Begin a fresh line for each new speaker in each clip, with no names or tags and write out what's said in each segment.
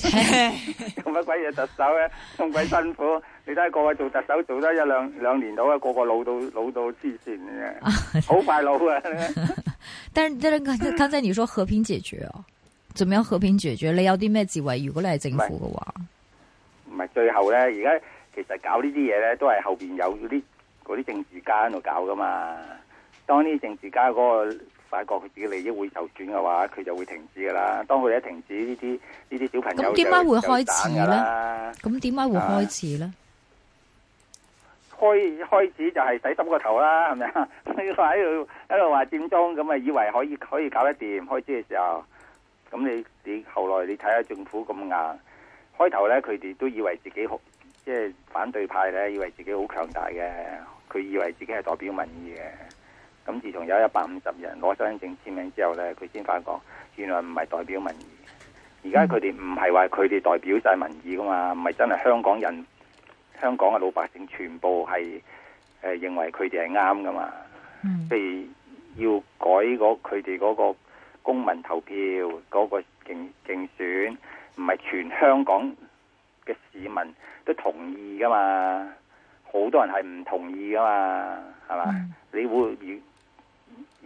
做乜鬼嘢特首咧？咁鬼辛苦， 你睇個個做特首做得一兩兩年到啊，個個老到老到痴線嘅，好快老啊 ！
但但係剛才你說和平解決哦，做 咩樣和平解決？你有啲咩智慧？如果你係政府嘅話，
唔係最後咧，而家其實搞呢啲嘢咧，都係後邊有啲嗰啲政治家喺度搞噶嘛。當呢啲政治家，嗰個。發覺自己利益會受轉嘅話，佢就會停止噶啦。當佢一停止呢啲呢啲，小朋友就又打噶啦。
咁點解
會開始呢？咁點解會開始呢？啊、開開始就係洗濕個頭啦，係咪啊？喺度喺度話佔中，咁啊以為可以可以搞得掂。開始嘅時候，咁你你後來你睇下政府咁硬，開頭呢，佢哋都以為自己好，即係反對派呢，以為自己好強大嘅，佢以為自己係代表民意嘅。咁自從有一百五十人攞身份證簽名之後咧，佢先發覺原來唔係代表民意。而家佢哋唔係話佢哋代表晒民意噶嘛，唔係真係香港人、香港嘅老百姓全部係誒認為佢哋係啱噶嘛？嗯，譬如要改嗰佢哋嗰個公民投票嗰、嗰個競競選，唔係全香港嘅市民都同意噶嘛？好多人係唔同意噶嘛？係嘛？Mm. 你會。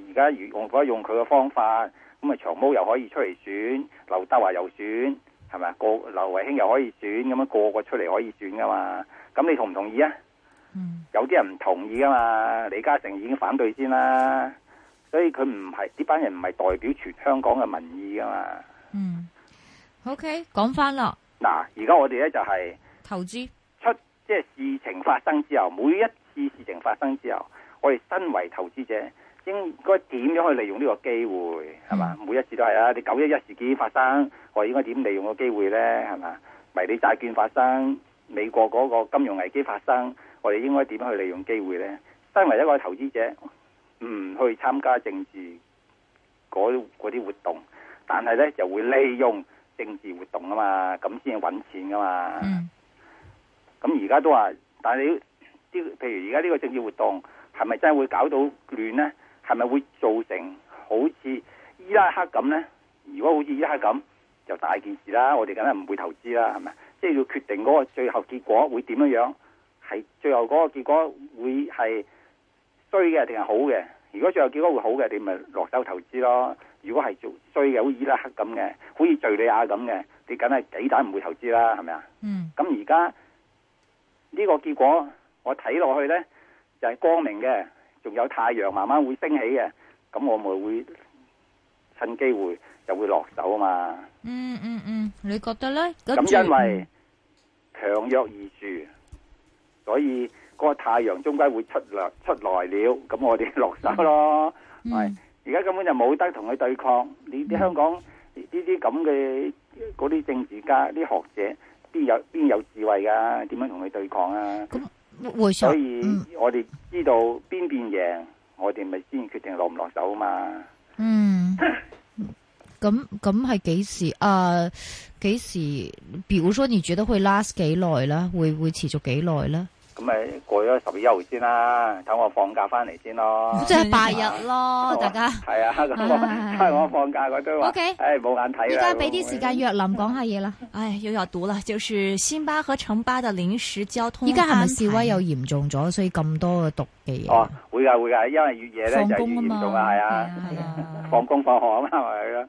而家如果用佢嘅方法，咁啊長毛又可以出嚟選，劉德華又選，係咪啊？個劉慧卿又可以選，咁、那、樣個個出嚟可以選噶嘛？咁你同唔同意啊？嗯，有啲人唔同意噶嘛？李嘉誠已經反對先啦，所以佢唔係呢班人唔係代表全香港嘅民意噶嘛？嗯
，OK，講翻啦。
嗱、就是，而家我哋咧就係投資出即係事情發生之後，每一次事情發生之後，我哋身為投資者。應該點樣去利用呢個機會係嘛？嗯、每一次都係啊！你九一一事件發生，我哋應該點利用個機會咧？係嘛？迷你債券發生，美國嗰個金融危機發生，我哋應該點去利用機會呢？身為一個投資者，唔去參加政治嗰啲活動，但係咧就會利用政治活動啊嘛，咁先要搵錢噶嘛。咁而家都話，但係你譬如而家呢個政治活動，係咪真係會搞到亂呢？係咪會造成好似伊拉克咁呢？如果好似伊拉克咁，就大件事啦。我哋梗係唔會投資啦，係咪？即係要決定嗰個最後結果會點樣樣？係最後嗰個結果會係衰嘅定係好嘅？如果最後結果會好嘅，你咪落手投資咯。如果係做衰嘅，好似伊拉克咁嘅，好似敘利亞咁嘅，你梗係幾大唔會投資啦，係咪啊？嗯。咁而家呢個結果我睇落去呢，就係光明嘅。仲有太陽慢慢會升起嘅，咁我咪會趁機會就會落手啊嘛。
嗯嗯嗯，你覺得呢？咁因
為強弱而住，所以個太陽終歸會出嚟，出來了，咁我哋落手咯。係、嗯，而家根本就冇得同佢對抗。嗯、你啲香港呢啲咁嘅嗰啲政治家、啲學者邊有邊有智慧㗎？點樣同佢對抗啊？嗯會，所以我哋知道邊邊贏，嗯、我哋咪先決定落唔落手嘛。
嗯，咁咁係幾時啊？幾時？比如說你覺得會 last 幾耐啦？會會持續幾耐啦？
咁咪過咗十,十一號先啦，等我放假翻嚟先咯。即係
八日咯、啊，大家。係啊，
因、哎、為、哎我，哎、我放假嗰堆話。O K，誒冇眼睇啊！依家俾啲時
間若林講下嘢啦。唉、 哎，又又堵啦，就是新巴和城巴的臨時交通。依家係咪示威
又嚴重咗，所以咁多嘅堵嘅嘢？哦，會啊，
會啊，因為越夜咧就越嚴重啊，係、哎、啊，哎、 放工放學啊嘛，係咯。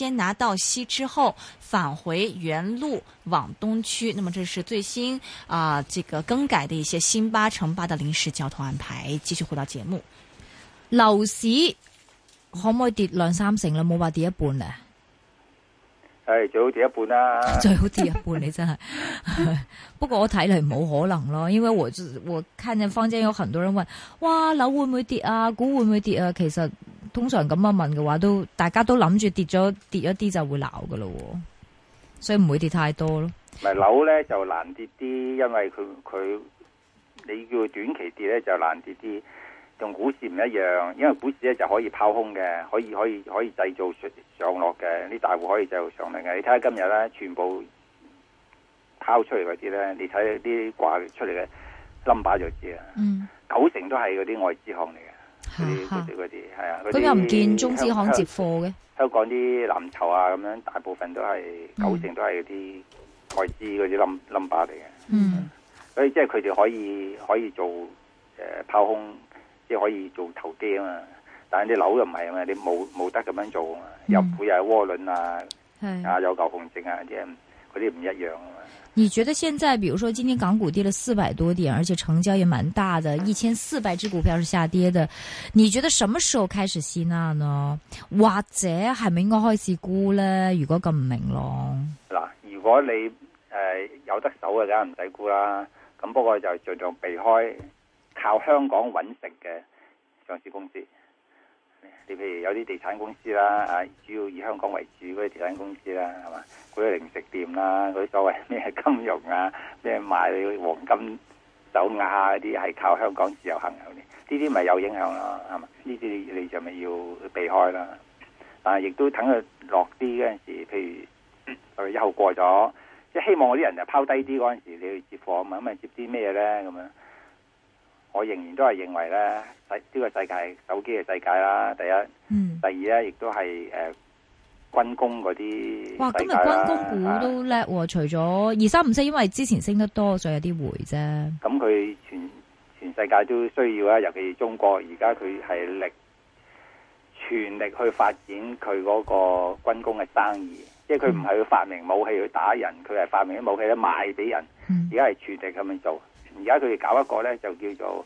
先拿到西之後，返回原路往東區。那麼這是最新啊、呃，這個更改的一些新八乘八的臨時交通安排。繼續回到節目，樓市可唔可以跌兩三
成啦？冇話跌一半啊！
係最好跌一半啦！最好跌一半，啊，一
半你真係。 不過我睇嚟冇可能咯，因為我我看見坊間有很多人問，哇，樓會唔會跌啊？股會唔會跌啊？其實。通常咁樣問嘅話，都大家都諗住跌咗跌咗一啲就會鬧㗎咯，所以唔會跌太多咯。
咪樓咧就難跌啲，因為佢佢你叫佢短期跌咧就難跌啲，同股市唔一樣。因為股市咧就可以拋空嘅，可以可以可以製造上上落嘅，啲大戶可以製造上落嘅。你睇下今日咧，全部拋出嚟嗰啲咧，你睇啲掛出嚟嘅 number 就知啦。嗯，九成都係嗰啲外資行嚟嘅。佢嗰啲，係啊，佢、啊、又唔見中資行接貨嘅。香港啲藍籌啊，咁樣大部分都係九成都係啲外資嗰啲冧冧巴嚟嘅。嗯，所以、嗯嗯、即係佢哋可以可以做誒、呃、拋空，即係可以做投機啊嘛。但係啲樓又唔係啊嘛，你冇冇得咁樣做嘛有啊？入股又係窩輪啊，啊有牛熊證啊，啲嗰啲唔一樣。
你覺得現在，比如說今天，港股跌了四百多點，而且成交也蠻大的，一千四百隻股票是下跌的，你覺得什麼時候開始吸納呢？或者係咪應該開始沽呢？如果咁唔明咯，嗱，
如果你誒、呃、有得手嘅梗係唔使沽啦，咁不，不過就盡量避開靠香港搵食嘅上市公司。你譬如有啲地產公司啦，啊，主要以香港為主嗰啲地產公司啦，係嘛，嗰啲零食店啦，嗰啲所謂咩金融啊，咩買黃金手鐲啊啲，係靠香港自由行嚟，呢啲咪有影響咯，係嘛，呢啲你就咪要避開啦。但亦都等佢落啲嗰陣時，譬如我哋一號過咗，即係希望嗰啲人就拋低啲嗰陣時，你去接貨啊嘛，咁啊接啲咩咧咁樣。我仍然都係認為咧，世、這、呢個世界手機嘅世界啦，第一，嗯、第二咧，亦都係誒、呃、軍工嗰啲。哇，今日軍工股都
叻、哦啊，除咗二三,三五七，因為之前升得多，所以有啲回啫。
咁、嗯、佢、嗯、全全世界都需要啦，尤其是中國，而家佢係力全力去發展佢嗰個軍工嘅生意，即係佢唔係去發明武器去打人，佢、嗯、係發明啲武器咧賣俾人。而家係全力咁樣做。而家佢哋搞一個咧，就叫做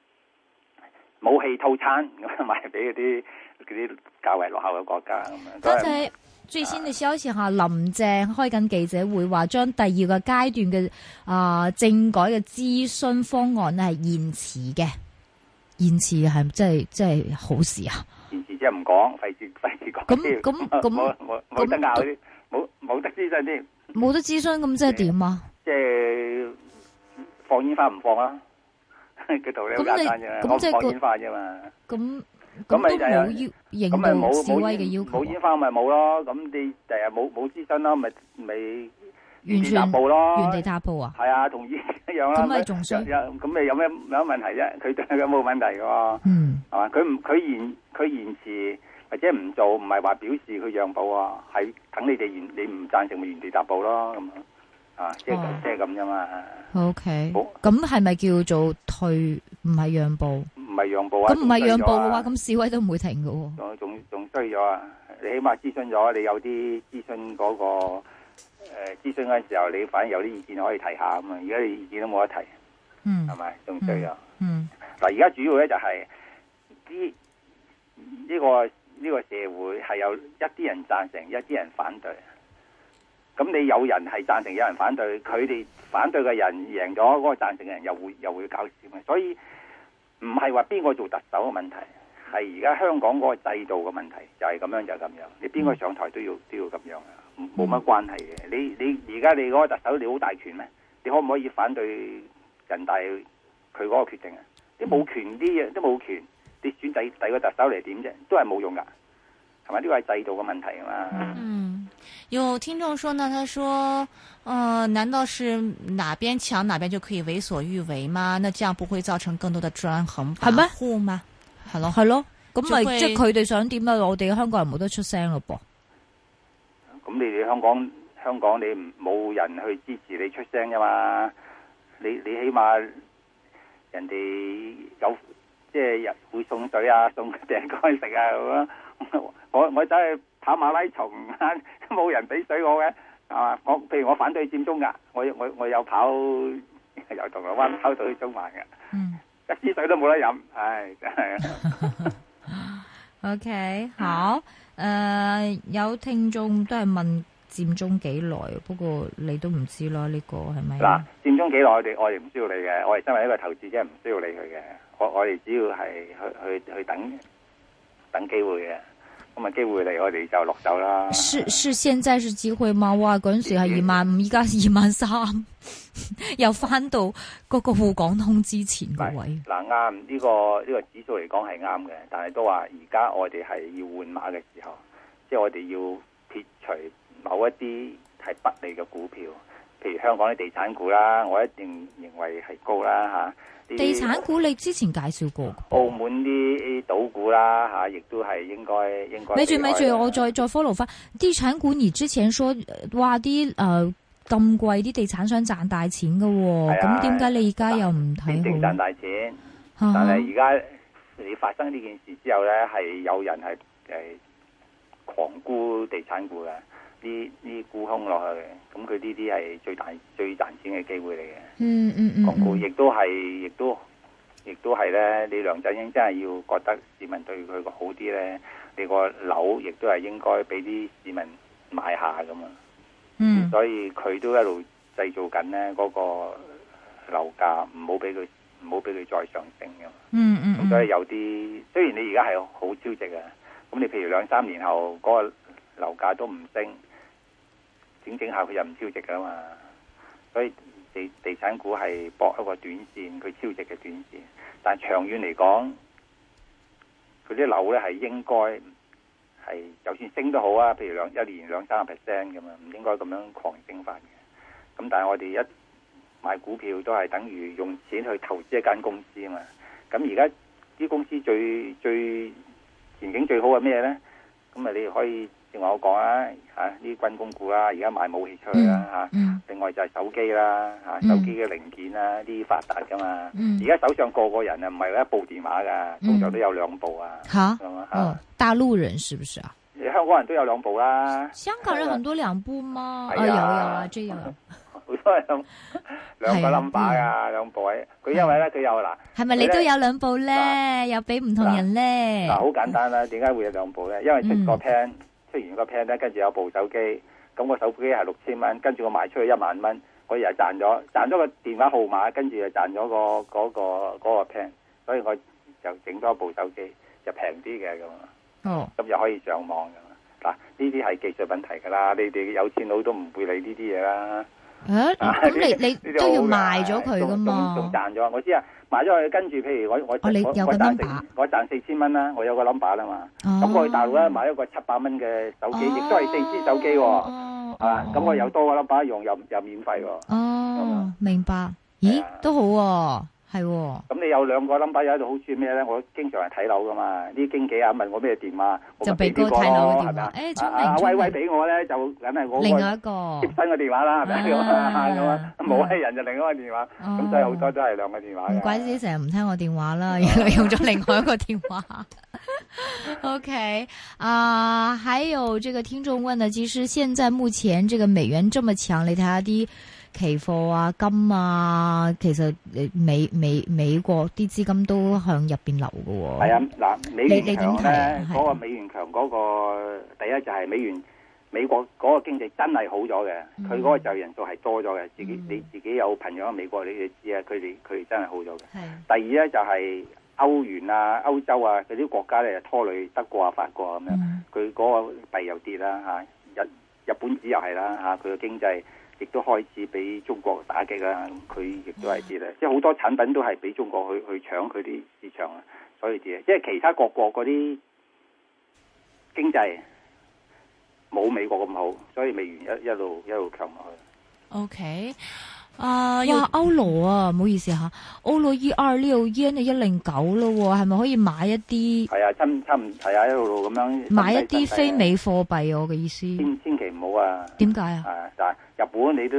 武器套餐咁賣俾嗰啲嗰啲較為落後嘅國家。剛才、啊、
最先你先開始吓林鄭開緊記者會說，話將第二個階段嘅啊、呃、政改嘅諮詢方案咧係延遲嘅，延遲係即係即係好事啊？延遲即係唔講，
費事費事講咁咁咁冇得拗啲，冇冇得諮詢添，
冇得諮詢咁即係點啊？即、就、
係、是。放煙花唔放啊！佢道理好簡單啫，我唔放煙花啫嘛。
咁咁就冇、就是、要，咁咪冇冇威嘅要求、啊。
冇煙花咪冇咯。咁你第日冇冇諮詢咯，咪咪原，、啊啊嗯啊啊、原地踏步咯，原地踏步啊。係啊，同以前一樣啦。咪仲衰？咁咪有咩有問題啫？佢有冇問題嘅。嗯。係嘛？佢唔佢延佢延遲或者唔做，唔係話表示佢讓步啊，係等你哋延，你唔贊成咪原地踏步咯。咁。
啊，即係即係咁啫嘛。OK，咁係咪叫做退？唔係讓步？唔係讓步啊？咁唔係讓步嘅話，咁示威都唔會停㗎喎。仲仲仲衰
咗啊！你起碼諮詢咗，你有啲諮詢嗰個誒，諮詢嗰陣時候，你反而有啲意見可以提下咁啊！而家你意見都冇得提，嗯、mm.，係咪？仲衰咗！嗯。嗱，而家主要咧就係、是，呢呢個呢個社會係有一啲人贊成，一啲人反對。咁你有人係贊成，有人反對，佢哋反對嘅人贏咗，嗰個贊成嘅人又會又會搞事嘅，所以唔係話邊個做特首嘅問題，係而家香港嗰個制度嘅問題，就係咁樣，就咁樣，你邊個上台都要都要咁樣啊，冇乜關係嘅。你你而家你嗰個特首你好大權咩？你可唔可以反對人大佢嗰個決定啊？你冇權啲嘢都冇權，你選第第個特首嚟點啫，都係冇用噶。係咪呢個係制度嘅問題啊？嘛嗯，
有聽眾說呢，他說：，嗯、呃，難道是哪邊搶哪邊就可以為所欲為嗎？那這樣不會造成更多的專橫跋扈嗎？
係咯，係咯，咁咪即係佢
哋想點啊？我哋
香港人冇得出聲咯，噃。
咁你哋香港，香港你唔冇人去支持你出聲㗎嘛？你你起碼人哋有即係會送水啊，送餅乾食啊咁啊。我我走去跑馬拉松啊，都冇人俾水我嘅，係嘛？我譬如我反對佔中噶，我我我有跑由銅鑼灣跑到去中環嘅，一支水都冇得飲，唉
真係。O K 好，誒有聽眾都係問佔中幾耐，不過你都唔知咯，呢個係咪？嗱，
佔中幾耐，我哋我哋唔需要理嘅，我哋身為一個投資者唔需要理佢嘅，我我哋只要係去去去等等機會嘅。咁啊，機會嚟，我哋就落手啦。是
是，現在是機會嗎？哇，嗰陣時係二萬五，而家二萬三， 又翻到嗰個滬港通之前嘅位。
嗱，啱，呢個呢個指數嚟講係啱嘅，但係都話而家我哋係要換馬嘅時候，即係我哋要撇除某一啲係不利嘅股票。譬如香港啲地產股啦，我一定認為係高啦吓。地產股
你之前介紹過，
澳門啲賭股啦吓，亦都係應該應該。咪住咪住，我
再再 follow 翻地產股。而之前說話啲誒咁貴啲地產商賺大錢噶，咁點解你而家又唔
睇？一定賺大錢，
但係
而家你發生呢件事之後咧，係 有人係誒狂沽地產股嘅。啲啲沽空落去，咁佢呢啲係最大最賺錢嘅機會嚟嘅。嗯嗯嗯，港股亦都係，亦都，亦都係咧。你梁振英真係要覺得市民對佢個好啲咧，你個樓亦都係應該俾啲市民買下噶嘛。嗯，所以佢都一路製造緊咧嗰個樓價，唔好俾佢，唔好俾佢再上升㗎嘛。嗯嗯，咁所以有啲，雖然你而家係好超值啊，咁你譬如兩三年後嗰個樓價都唔升。整整下佢又唔超值噶嘛，所以地地產股係搏一個短線，佢超值嘅短線。但係長遠嚟講，佢啲樓咧係應該係，就算升都好啊，譬如兩一年兩三十 percent 咁啊，唔應該咁樣狂升翻嘅。咁但係我哋一買股票都係等於用錢去投資一間公司啊嘛。咁而家啲公司最最前景最好係咩咧？咁啊，你可以。我講啊，吓、啊、呢軍工股啦、啊，而家賣武器出去啦、啊，吓、嗯啊。另外就係手機啦，吓、啊嗯、手機嘅零件啦、啊，啲發達噶嘛。而、嗯、家手上個個人啊，唔係一部電話噶，通、嗯、常都有兩部啊。吓、啊
哦，大陸人是不是啊？
香港人都有兩部啦、啊，香
港人很多兩部嗎？有 有、哎、啊，追有。好 多
兩 兩個 number、 啊、兩部位、啊。佢、啊嗯、因為咧，佢有嗱，
係咪你都有兩部咧、啊？又俾唔同人咧、啊？嗱、啊啊，好
簡單啦、啊，點、啊、解、啊啊、會有兩部咧、啊？因為出國聽。啊出完個 plan 咧，跟住有部手機，咁個手機係六千蚊，跟住我賣出去一萬蚊，我又賺咗，賺咗個電話號碼，跟住又賺咗、嗰個嗰、嗰個、嗰個、plan，所以我就整多部手機就平啲嘅咁啊，咁就可以上網噶嘛，嗱呢啲係技術問題㗎啦，你哋有錢佬都唔會理呢啲嘢啦。
誒、啊，咁你你都要
賣咗佢噶嘛？仲賺咗，我知啊，賣咗佢跟住，譬如我我賺四，我賺四千蚊啦，我有個冧巴啦嘛。咁、啊、我去大陸咧買一個七百蚊嘅手機，亦都係四 G 手機喎。啊，咁、哦啊啊啊、我又多個冧巴用又，又又免費喎、哦。
哦、啊啊，明白。咦，啊、都好喎、啊。
係咁、哦，你有兩個 number 喺度，好算咩咧？我經常係睇樓噶嘛，啲經紀啊問我咩電話，我就俾個睇樓嘅電話，誒、啊，阿威威俾我咧就梗係我另外一個接新嘅電話啦，係咪冇咩人就另,、啊哦、 另外一個電話，咁所以好多都係兩個電話。唔
怪之你成日唔聽我電話啦，原來用咗另外一個電話。OK，啊，還有這個聽眾問的，其實現在目前這個美元這麼強，睇下啲。期貨啊，金啊，其實美美美國啲資金都向入邊流嘅、哦。係啊，嗱、呃，美你你點睇
嗰個美元強嗰、嗰個，第一就係美元，美國嗰個經濟真係好咗嘅，佢、嗯、嗰個就人數係多咗嘅。自己、嗯、你自己有朋友喺美國，你哋知啊，佢哋佢哋真係好咗嘅。第二咧就係歐元啊，歐洲啊嗰啲國家咧就拖累德國啊、法國咁、啊、樣，佢、嗯、嗰個幣又跌啦吓、啊，日日本紙又係啦吓，佢、啊、個經濟。亦都開始俾中國打擊啦，佢亦都係啲咧，即係好多產品都係俾中國去去搶佢啲市場啊，所以啲，即係其他各國嗰啲經濟冇美國咁好，所以美元一一路一路強落去。
OK。啊，話歐羅啊，唔好意思吓，歐羅 E R 呢度，已經係一零九咯，係咪可以買一啲？
係啊，差唔差唔係啊，一路路咁樣。買一啲非美
貨幣，我嘅意思。千
祈唔好啊。點解啊？但係日本你都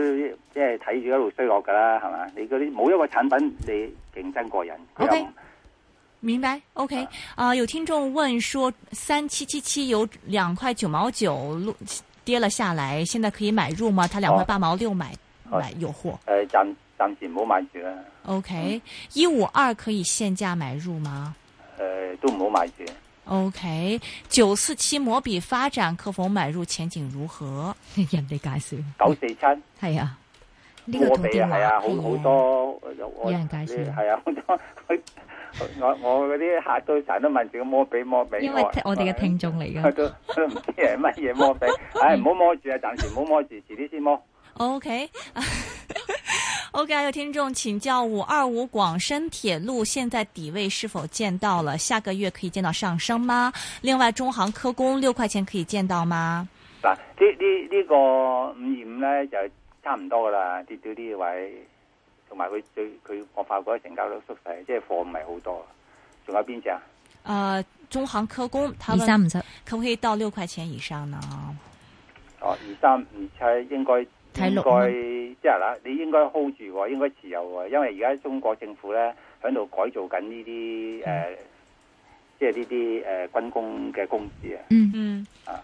即係睇住一路衰落噶啦，係嘛？你嗰啲冇一個產品你競爭過人。OK，
明白。OK，啊，有聽眾問說，三七七七有兩塊九毛九跌了下來，現在可以買入嗎？他兩塊八毛六買。買
有貨，誒暫暫時唔好買住啦。
OK，一五二可以限價買入嗎？
誒、呃，都唔好買住。
OK，九四七摩比發展可否買入？前景如何？人哋介紹
九四七係 啊，呢個
摩比係啊，
好
好
多有人介紹係啊，好、啊、多、啊、我、啊啊、多 我嗰啲客都成日都問住個摩比摩比，因為我哋
嘅聽眾嚟噶， 佢
都唔知係乜嘢摩比，唉唔好摸住啊，暫時唔好摸住，遲啲先摸。
OK，OK，okay. okay, 有聽眾請教：五二五廣深鐵路現在底位是否見到了？下個月可以見到上升嗎？另外，中航科工六塊錢可以見到嗎？
嗱、啊，這個、呢呢呢個五二五咧就差唔多噶啦，跌到啲位，同埋佢最佢我發覺成交量縮細，即係貨唔係好多。仲有邊隻啊、
呃？中航科工，二三五七可唔可以到六塊錢以上呢？哦，二
三二七應該。應該即係啦，你應該 hold 住，應該持有，因為而家中國政府咧響度改造緊呢啲誒，即係呢啲誒軍工嘅公司啊。嗯嗯。啊。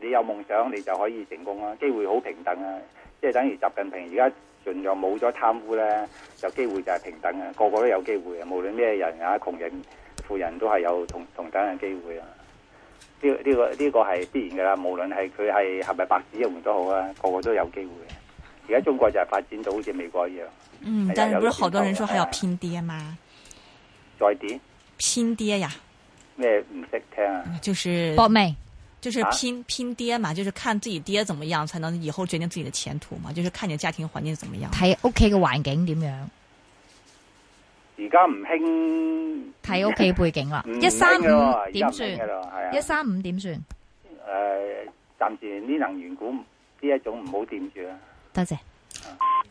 你有夢想，你就可以成功啦！機會好平等啊，即係等於習近平而家盡量冇咗貪污咧，就機會就係平等啊！個個都有機會啊，無論咩人啊，窮人、富人都係有同同等嘅機會啊！呢呢、呢個呢、呢個係必然噶啦，無論係佢係係咪白紙用都好啊，個個都有機會、啊。而家中國就係發展到好似美國一樣。嗯，但係唔係好多人說要拼爹嘛？再點、啊？
拼爹呀！
咩唔識聽啊？就是搏命。
就是拼、啊、拼爹嘛，就是看自己爹怎麼樣，才能以後決定自己的前途嘛。就是看你的家庭環境怎麼樣。睇
屋企嘅環境點樣？
而家唔興
睇屋企背景啦。一三五點算？係啊、一三五點算？誒、
呃，暫時呢能源股呢一種唔好掂住
啊。多謝。啊